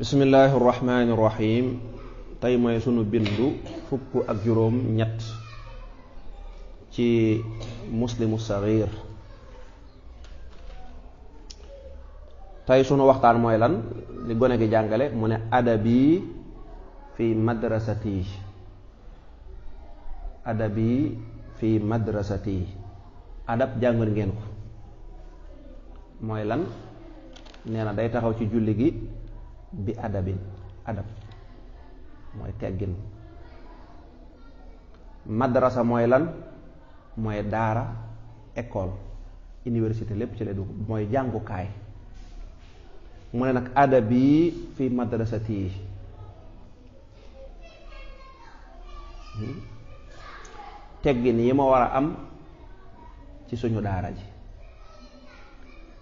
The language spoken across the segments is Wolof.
bismillaahi rahmaani rahiim tey mooy sunu bindu fukk ak juróom ñett ci muslimu saxiir tey sunu waxtaan mooy lan li gone gi jàngale mu ne adabi fi madrasati adabi fi madrasati adab jàngal ngeen ko mooy lan nee na day taxaw ci julli gi bi adabin adab mooy teggin madrasa mooy lan mooy daara école université lépp ci lay dugg mooy jàngukaay mu ne nag adabi fi madrasati yi hmm? teggin yi ma war a am ci suñu daara ji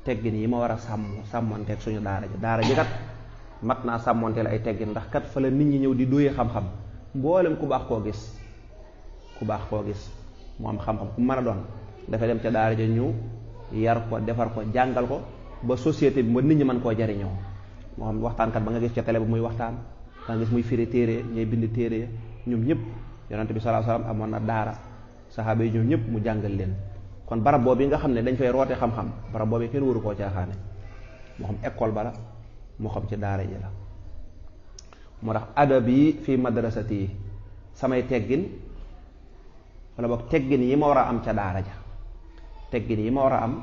teggin yi ma war a sàmm sàmmanteeg suñu daara ji daara ji mat naa sàmmonteel ay teggin ndax kat fa la nit ñi ñëw di dóoyee xam-xam mboolem ku baax koo gis ku baax koo gis mu xam-xam ku mën a doon dafay dem ca daara ja ñëw yar ko defar ko jàngal ko ba société bi ba nit ñi mën koo jariñoo moo xam waxtaankat ba nga gis ca télé ba muy waxtaan ba gis muy firi téere ñooy bind téere ñoom ñëpp yonante bi sallallahu alayhi wasallam amoon na daara saxaaba yi ñoom ñëpp mu jàngal leen kon barab boobu yi nga xam ne dañ fay roote xam-xam barab boobu kenn waru koo caaxaane moo xam école bala mu xam ci daara ji la moo tax adab yi fii madrasati yi samay teggin wala boog teggin yi ma war a am ca daara ja teggin yi ma war a am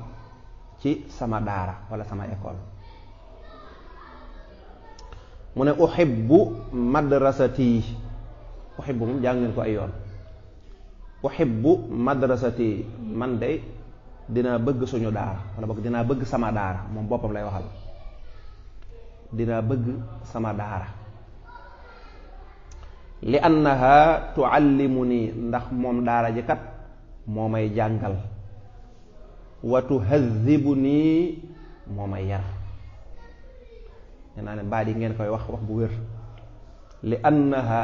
ci sama daara wala sama école mu ne uhibbu madrasati uhibbu moom jàng ko ay yoon uhibbu madrasati man de dinaa bëgg suñu daara wala boog dinaa bëgg sama daara moom boppam lay waxal dinaa bëgg sama daara li annaha tuallimu nii ndax moom daara ji kat moo may jàngal wa tuhazibu nii moo may yar nee naa ne baat yi ngeen koy wax wax bu wér li annaha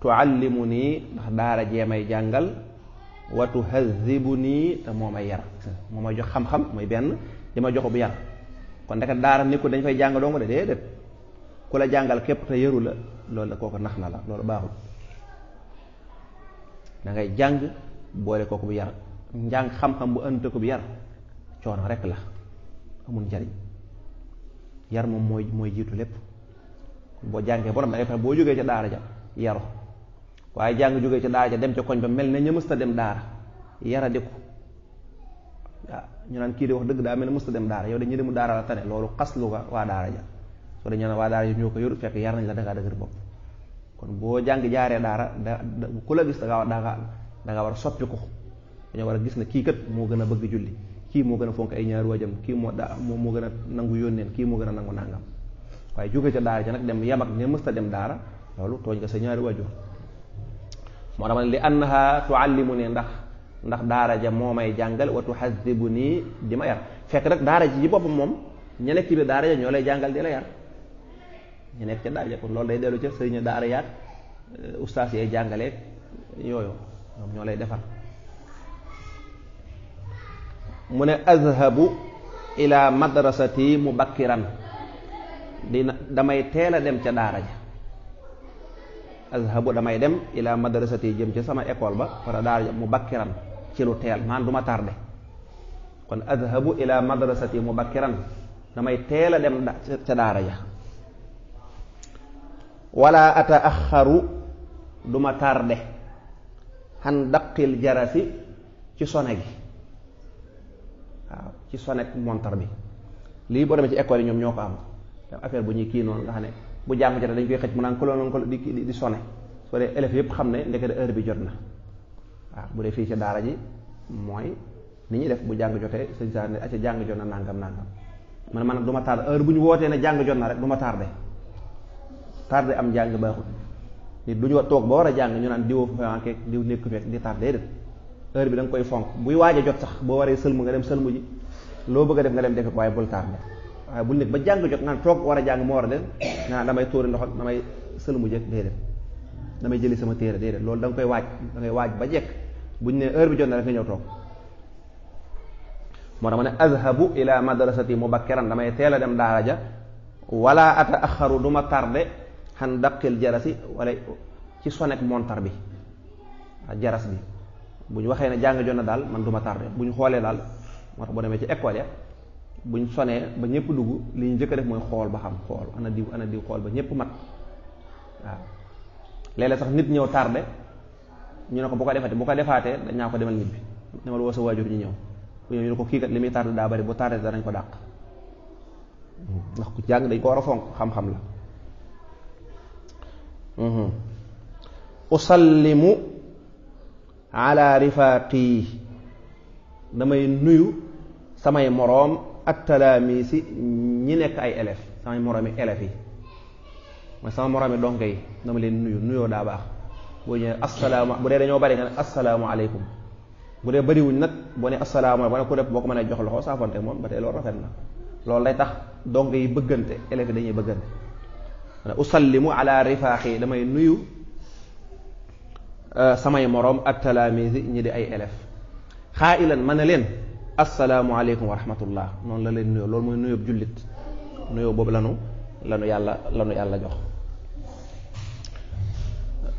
tuallimu nii ndax daara jee may jàngal wa tuhazibu nii te moo may yar moo may jox xam-xam muy benn di ma bu yar kon ndeke daara nekkul dañ fay jàng dong de déedéet ku la jàngal képp te yëru la loolu la kooku nax na la loolu baaxul dangay ngay jàng boole kooku bu yar njàng xam-xam bu ënte ko bu yar coono rek la amul njariñ yar moom mooy mooy jiitu lépp boo jàngee borom da ngay fexe boo jógee ca daara ja yaru waaye jàng jógee ca daara ja dem ca koñ ba mel na ñëmës ta dem daara yara di ko waaw ah, ñu naan kii di wax dëgg daa mel ne musta dem daara yow dañuy demu daara la tane loolu xaslu waa daara ja soo dañu naan waa daara ja ñoo ko yoru fekk yar nañ la dangaa dëgër bopp kon boo jàng jaaree daara da ku la gis dangaa dangaa dangaa war a soppi ko dañoo war gis na kii kat moo gën a bëgg julli kii moo gën a fonk ay ñaari waajam kii moo da moo gën a nangu yónneen kii moo gën a nangu nàngam waaye jóge ca daara ja nag dem yam ak ne mësta dem daara loolu tooñ nga sa ñaari waajur moo ndax daara ja moo may jàngale jàngal wa bu nii di ma yar fekk rek daara ji ci boppam moom ña nekk ci biir daara ja ñoo lay jàngal di la yar ñu nekk ca daara ja kon loolu day dellu ca sëriñ daara yaat euh, ustaas yee jàngaleeg yooyu ñoo lay defar mu ne azhabu ila madrasati mubakkiran dina damay teel a dem ca daara ja azhabu damay dem ila madrasati jëm ca sama école ba para daara ja mubakkiran ci lu teel maan du ma tardé kon adhabu ila madrasati mubakkiran damay teel a dem ca daara ja wala ataaxaru du ma tardé xan daqil jarasi ci sone gi waaw ci sone montar bi lii boo demee ci école yi ñoom ñoo ko am affaire bu ñuy kii noonu nga xam ne bu jàng jotee dañ koy xëj mu naan ko di di sone soo dee élèves yëpp xam ne ndekete heure bi jot na waaw ah, bu dee fii ci daara ji mooy ni ñuy def bu jàng jotee sëñ saa ne acca jàng jot na nangam nangam man man nag du ma tardé heure bu ñu wootee ne jàng jot na rek du ma tardé tardé am jàng baaxul nit du ñu toog ba war a jàng ñu naan diwoo fankeeg diw nekk feeg di tardé déedéet koy fonk buy waaj jot sax boo waree sëlmu nga dem sëlmu ji loo bëgg a def nga dem defe ko waaye bul tardé waaye ah, bul nekk ba jàng jot naan toog war a jàng moo war a def naan damay tóori ndox damay sëlmu jëkk déedéet damay jëli sama téere déedéet loolu da nga bu ñu ne heure bi jot na rek nga ñëw toog moo tax ma ne azhabu ila madrasati mubakkiran damay teel a dem daara ja wala ata axaru du ma tardé xan daqil jarasi wala ci sonek montar bi jaras bi bu ñu waxee ne jàng jot na daal man du ma tardé bu ñu xoolee daal moo tax boo demee ci école ya bu ñu sonee ba ñëpp dugg li ñu njëkk a def mooy xool ba xam xool ana diw ana diw xool ba ñépp mat waaw léeg sax nit ñëw tardé ñu ne ko bu ko defatee bu ko defaatee dañaa ko demal ñibbi demal woo sa waajur ñu ñëw bu ñëw ñu ne ko kii kat li muy tardé daa bari bu tardé danañ ko dàq ndax ku jàng dañ ko war a fonk xam-xam la mhm. usallimu ala rifaaqi damay nuyu samay moroom ak talaamiisi ñi nekk ay élèves samay moroomi élèves yi mooy sama moroomi donk yi dama leen nuyu nuyoo daa baax boo ñëwee asalaama bu dee dañoo bari nga ne asalaamaaleykum bu dee bariwuñ nag boo ne asalaama ba ne ku boo ko mënee jox loxo saafante moom ba tey loolu rafet na loolu day tax dong yi bëggante élèves dañuy bëggante ne usallimu ala yi damay nuyu euh, samay moroom ak talaamisi ñi di ay élèves xaa ilan ma ne leen asalaamualeykum wa rahmatullah noonu la leen nuyoo loolu mooy nuyoo jullit nuyoo boobu lanu lanu yàlla lanu yàlla jox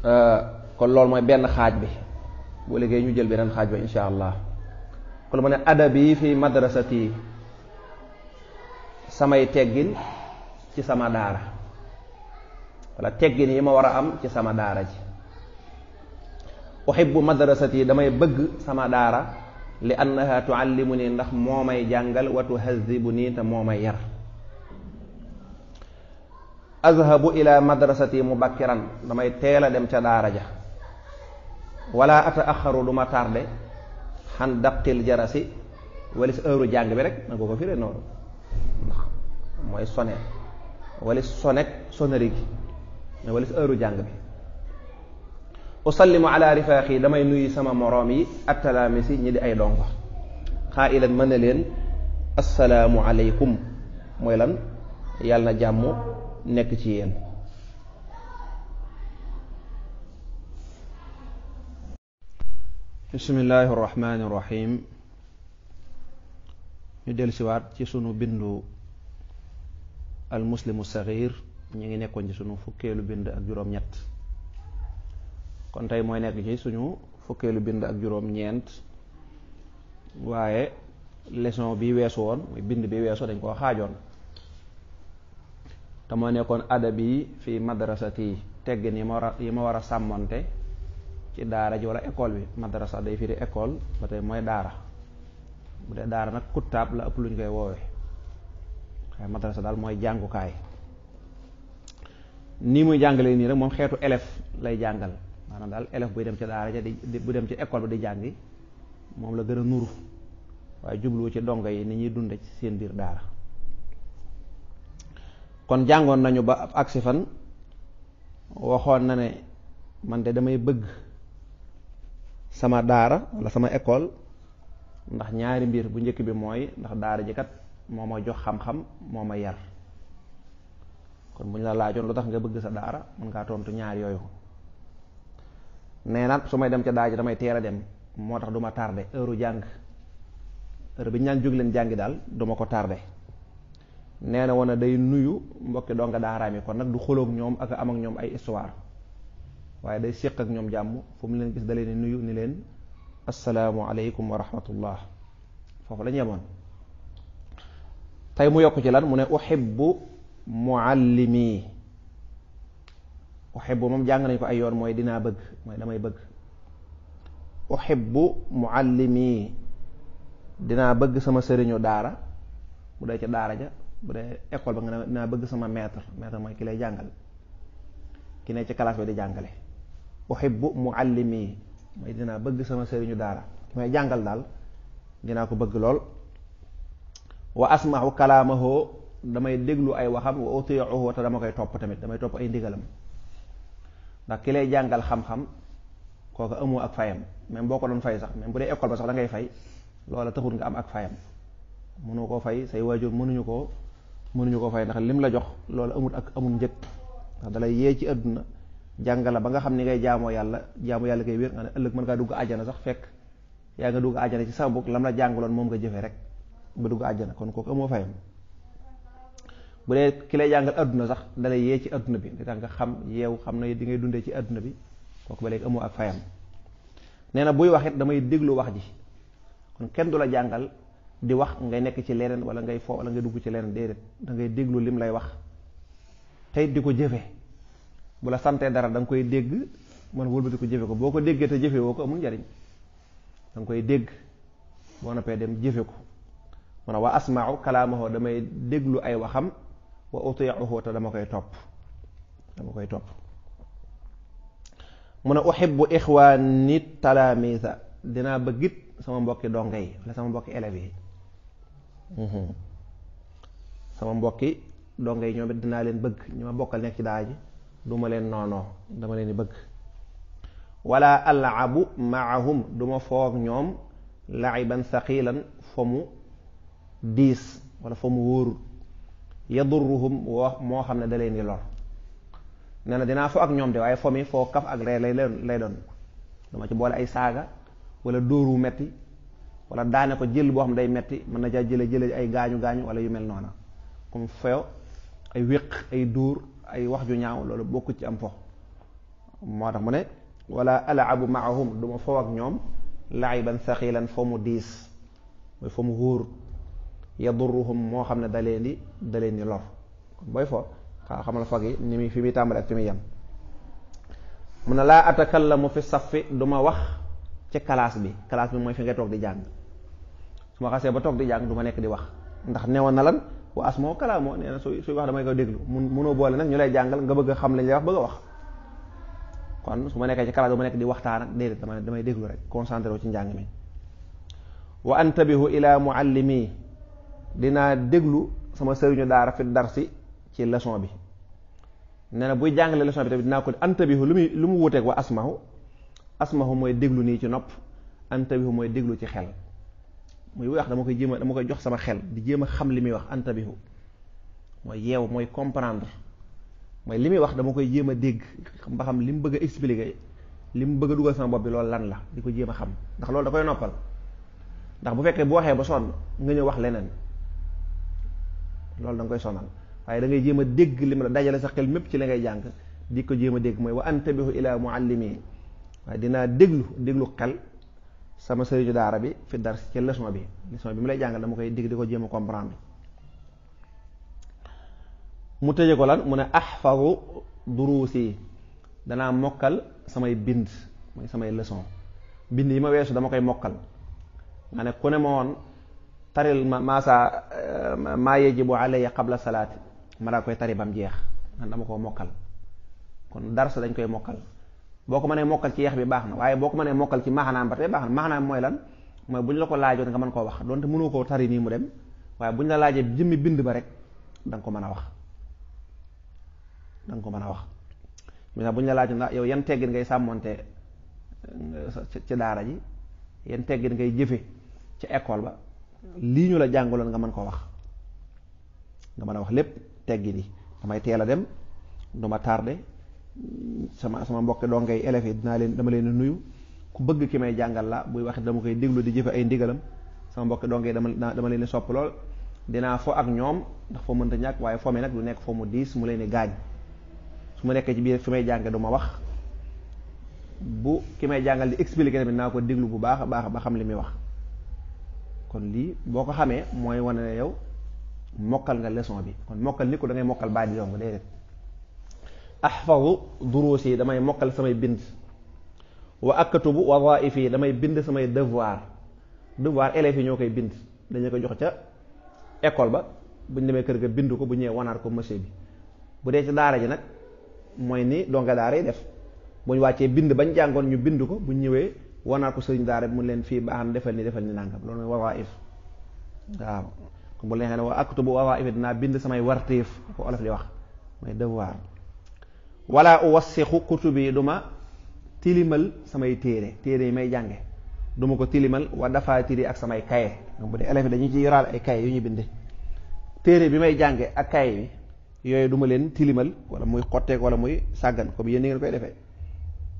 euh, kon loolu mooy benn xaaj bi boo liggéey ñu jël beneen xaaj ba insha allah kon mu ne adabi fi madrasati samay teggin ci sama daara wala teggin yi ma war a am ci sama daara ji uhibbu madrasati damay bëgg sama daara li annaha tuallimu nii ndax moo may jàngal wa tuhazzibu nii te moo may yar azhabu ila madrasati mubakkiran damay teel a dem ca daara ja wala ata axaru du ma tardé xan daqtil jarasi walis heure jàng bi rek man ko ko firee noonu mooy sone walis sonek sonnerie gi walis heure jàng bi usallimu ala rifaax damay nuyu sama moroom yi attalaamisi ñi di ay dongo xaa ilan mën na leen assalaamu aleykum mooy lan yàlla na nekk ci yéen bismillahi irrahmani irrahim ñu dellusiwaat ci suñu bindu al muslimu ñu ngi nekkoon ci sunu fukkeelu bind ak juróom-ñett kon tey mooy nekk ci suñu fukkeelu bind ak juróom-ñeent waaye leson bi weesu woon muy bind bi weesu dañ koo xaajoon te moo nekkoon adabi fii madrasati tegg ni ma war a yi ma war a ci daara ji wala école bi madrasa day firi école ba tey mooy daara bu dee daara nag kuttaab la ëpp lu ñu koy woowee waaye madrasa daal mooy jàngukaay nii muy jàngale nii rek moom xeetu élève lay jàngal maanaam daal élève buy dem ci daara ja di bu dem ci école bi di jàngi moom la gën a nuru waaye jubluwu ci dongo yi ni ñuy dunde ci seen biir daara kon jàngoon nañu ba agsi fan waxoon na ne man de damay bëgg sama daara wala sama école ndax ñaari mbir bu njëkk bi mooy ndax daara ji kat moo ma jox xam-xam moo ma yar kon bu ñu la laajoon lu tax nga bëgg sa daara mën ngaa tontu ñaar yooyu nee naat su may dem ca daara ji damay teel a dem moo tax du ma tardé heure jàng heure bi ñaan jóg leen jàngi daal du ma ko tardé nee na woon day nuyu mbokki donga daaraam yi kon nag du xoloog ñoom ak am ak ñoom ay histoire waaye day séq ak ñoom jàmm fu mu leen gis da leen di nuyu ni leen asalaamualeykum wa rahmatullah foofu la ñu yemoon tey mu yokk ci lan mu ne uhibbu muallimi uhibbu moom jàng nañu ko ay yoon mooy dinaa bëgg mooy damay bëgg uhibbu muallimi dinaa bëgg sama sëriñu daara bu dee ca daara ja bu dee école ba nga dinaa bëgg sama maître maître mooy ki lay jàngal ki ne ci classe bi di jàngale mu muallimi mooy dinaa bëgg sama sëriñu daara ki may jàngal daal dinaa ko bëgg lool wa asmahu kalaamahu damay déglu ay waxam wa utiicuhu te dama koy topp tamit damay topp ay ndigalam ndax ki lay jàngal xam-xam kooku amoo ak fayam même boo ko doon fay sax même bu dee école ba sax da ngay fay loola taxul nga am ak fayam mënu koo fay say waajur mënuñu koo mënuñu koo fay ndax lim la jox loola amut ak amul njëg ndax dalay yee ci àdduna jàngala ba nga xam ni ngay jaamoo yàlla jaamu yàlla kay wér nga ne ëllëg mën ngaa dugg àjjana sax fekk yaa nga dugg àjjana ci sababu lam la jàngaloon moom nga jëfee rek ba dugg àjjana kon kooku amoo fayam bu dee ki lay jàngal adduna sax dalay yee ci adduna bi da nga xam yeew xam na di ngay dundee ci adduna bi kooku ba léegi amoo ak fayam nee na buy wax damay déglu wax ji kon kenn du la jàngal di wax ngay nekk ci leneen wala ngay fo wala ngay dugg ci leneen déedéet da ngay déglu lim lay wax tey di ko jëfee bu la santee dara da koy dégg man wëlbati ko jëfe ko boo ko déggee te jëfe woo ko amul njariñ da koy dégg boo noppee dem jëfe ko man wa asmau kalaamahu damay déglu ay waxam wa utiuhu te dama koy topp dama koy topp mu ne uhibbu ixwaani talaamisa dinaa bëgg bëggit sama mbokki donga yi wala sama mbokki élèves yi mhm. sama mbokki donga yi ñoom it dinaa leen bëgg ñu ma bokkal nekk ci daa ji du ma leen noonoo dama leen bëgg wala alabu maahum du ma foog ñoom laay ban saqilan fa mu diis wala fa mu wóor wóorul yadurruhum moo xam ne da leen di lor nee na dinaa fo ak ñoom de waaye fo mi foo kaf ak ree lay lay doon dama ci boole ay saaga wala dóor wu metti wala daane ko jël boo xam day metti mën na caa jële jële ay gaañu gaañu wala yu mel noona comme feyo ay wéq ay dóor ay wax ju ñaaw loolu bokku ci am fo moo tax mu ne wala alaabu maahum du ma foo ak ñoom laiban saxilan foo mu diis mooy foo mu wóor yaduruhum moo xam ne dalee leen di da leen di lor booy fo xaa xamal foog yi ni muy fi muy tàmbali ak fi muy yem mun na laa atakallamu fi safi du ma wax ci classe bi kalaas bi mooy fi ngay toog di jàng su ma xasee ba toog di jàng du ma nekk di wax ndax newoon na lan wa asmoo kalaamoo nee na suy suy wax damay koy déglu mun munoo boole nag ñu lay jàngal nga bëgg a xam lañ lay wax bëgg a wax kon su ma nekkee ci classe ba ma nekk di waxtaan ak déedéet damay déglu rek concentré wu ci njàng mi wa antabihu ila muallimi dinaa déglu sama sëriñu daara fi darsi ci leçon bi nee na buy jàngale leçon bi tamit dinaa ko antabihu lu muy lu mu wuteeg wa asmahu asmahu mooy déglu nii ci nopp antabihu mooy déglu ci xel mooy muy wax dama koy jéem a dama koy jox sama xel di jéem a xam li muy wax antabihu mooy yeew mooy comprendre mooy li muy wax dama koy jéem a dégg ba xam li mu bëgg a li mu bëgg dugal sama bopp bi loolu lan la di ko jéem a xam ndax loolu da koy noppal ndax bu fekkee bu waxee ba sonn nga ñëw wax leneen loolu da koy sonal waaye da ngay jéem a dégg li mu la dajale sa xel mépp ci la ngay jàng di ko jéem a dégg mooy wa antabihu ila muallimi waaye dinaa déglu déglu xel sama sëriñu daara bi fi dar ci leçon bi leçon bi mu lay jàngal dama koy dig di ko jéem a comprendre mu tëje ko lan mu ne ahfazu duruusi danaa mokkal samay bind mooy samay leçon bind yi ma weesu dama koy mokkal nga ne ku ne ma woon taril ma maasa eh, maa yajibu alayya qabla salaati ma daa koy tari bam jeex man dama koo mokkal kon darsa dañ koy mokkal boo ko mënee mokkal ci yeex bi baax na waaye boo ko mënee mokkal ci maxanaam ba tey baax na maxanaam mooy lan mooy bu ñu la ko laajoon nga mën koo wax donte mënoo ko tari nii mu dem waaye bu ñu la laajee jëmmi bind ba rek ko mën a wax da nga ko mën a wax mais bu ñu la laajoon yow yan teggin ngay sàmmonte euh, ci daara ji yan teggin ngay jëfe ci école ba lii ñu la jàngaloon nga mën ko wax nga mën a wax lépp teggi yi damay teel a dem duma ma sama sama mbokk doo yi élèves yi dinaa leen dama leen nuyu ku bëgg ki may jàngal la buy wax dama koy déglu di jëfe ay ndigalam sama mbokk doo ngay dama dama leen sopp lool dinaa fo ak ñoom ndax foo mënta ñàkk waaye foo nag du nekk foo mu diis mu leen di gaañ su ma nekkee ci biir fi may jànge du ma wax bu ki may jàngal di expliquer tamit naa ko déglu bu baax a baax ba xam li muy wax kon lii boo ko xamee mooy wane ne yow mokkal nga leçon bi kon mokkal nit ko da ngay mokkal baat yi dong axfazu duruus yi damay mokkal samay bind wa akatubu wadaif yi damay bind samay devoir devoir élèves yi ñoo koy bind dañu ko jox ca école ba bu ñu demee kër ga bind ko bu ñëwee wanaat ko monsieur bi bu dee ci daara ji nag mooy ni donga daara yi def bu ñu wàccee bind bañ jàngoon ñu bind ko bu ñëwee wanaat ko sëriñ daara bi mu leen fii baax na defal ni defal ni nangam loolu mooy wadaif waaw bu leen xel wa aktubu wadaif dinaa bind samay wartéef ko wax wala uwassixu kutubi du ma tilimal samay téere téere yi may jànge duma ko tilimal wa dafaatiri ak samay kaye donc bu dee dañu ci ay kaye yu ñu binde téere bi may jànge ak kaye yooyu duma leen tilimal wala muy xotteek wala muy sàggan comme yéen ni ngeen koy defee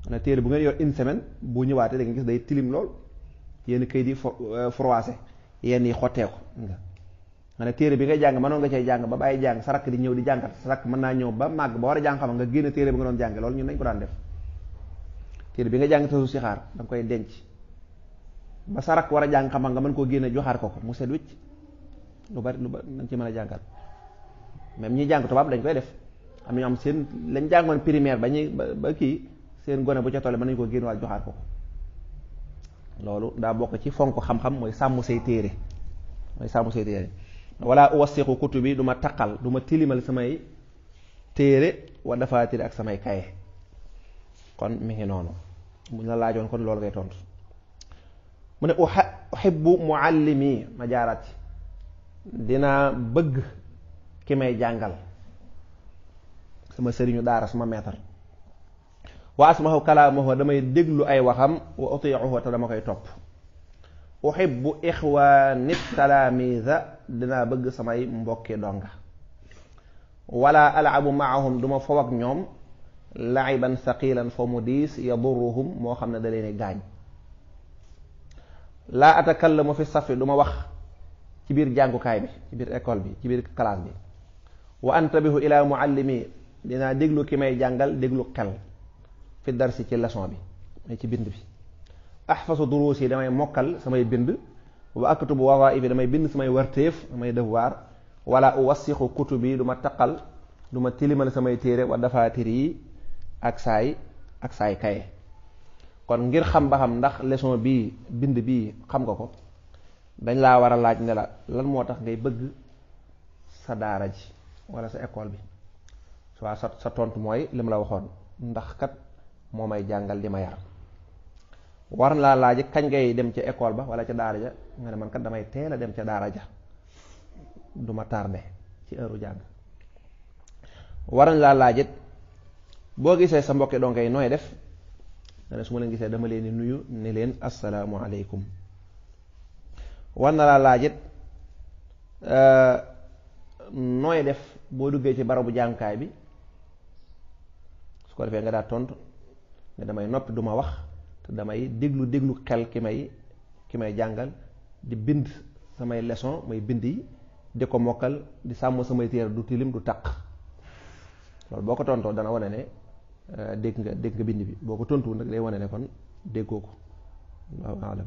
na téere bu ngeen yor une semaine bu ñëwaatee da gis day tilim lool yenn kayit yi euh, froissé yenn yi xotteeku nga ne téere bi ngay jàng mënoon nga cay jàng ba bàyyi jàng sa rakk di ñëw di jàngat sa rakk mën naa ñëw ba màgg ba war a jàng xam nga génn téere bi nga doon jànge loolu ñun nañ ko téere bi nga jàng tasu si xaar danga koy denc ba sa rakk war a jàng xam nga mën koo génne joxaar ko ko mu set wicc lu bari lu bari nañ ci mën a jàngal même ñi jàng tubaab dañ koy def am na am seen lañ jàngoon primaire ba ñuy ba kii seen gone bu ca tolle mën nañu koo génn waat joxaar ko ko loolu daa bokk ci fonk xam mooy sàmm say téere mooy sàmm say wala uwasiqu kutubi du ma taqal du ma tilimal samay téere wa dafaatir ak samay kaye kon mi ngi noonu buñ la laajoon kon loolu ngay tontu mu ne uhibbu muallimi ma jaaraat ci dinaa bëgg ki may jàngal sama sëriñu daara sama maître wa asmahu kalaamahu damay déglu ay waxam wa utiicuhu te dama koy topp uhibbu ixwaani talaamiza dinaa bëgg samay mbokki donga wala alabu maahum du ma ñoom laiban saqilan fo mu diis yaduruhum moo xam ne da leen di gaañ laa atakallamu fi safi du ma wax ci biir jàngukaay bi ci biir école bi ci biir classe bi wa antabihu ila muallimi dinaa déglu ki may jàngal déglu xel fi darsi ci leçon bi mais ci bind bi ahfasu duruus yi damay mokkal samay bind wa aktubu wadaifi damay bind samay wartéef samay devoir wala uwassixu kutubi bii duma taqal duma ma tilimal samay téere wa dafaatir yi ak saay ak saay kaye kon ngir xam ba xam ndax leson bii bind bii xam nga ko dañ laa war a laaj ne la lan moo tax ngay bëgg sa daara ji wala sa école bi waa sa sa tont mooy li mu la waxoon ndax kat moo may jàngal di ma yar war laa laaj kañ ngay dem ca école ba wala ca daara ja nga ne man kat damay teel a dem ca daara ja duma ma tardé ci heure jàng waran laa laajit boo gisee sa mbokki donk yi nooy def nga ne su ma leen gisee dama leen nuyu ne leen asalaamualeykum war na laa laajit euh, nooy def boo duggee ci barabu jànkaay bi su ko defee nga daa tontu ne damay noppi duma wax te damay déglu déglu xel ki may ki may jàngal di bind samay leçon may bind yi di ko mokkal di sàmm samay téere du tilim du taq loolu boo ko tontoo dana wane ne euh, dégg nga dégg nga bind bi boo ko tontuwul nag day wane ne kon déggoo ko waaw alam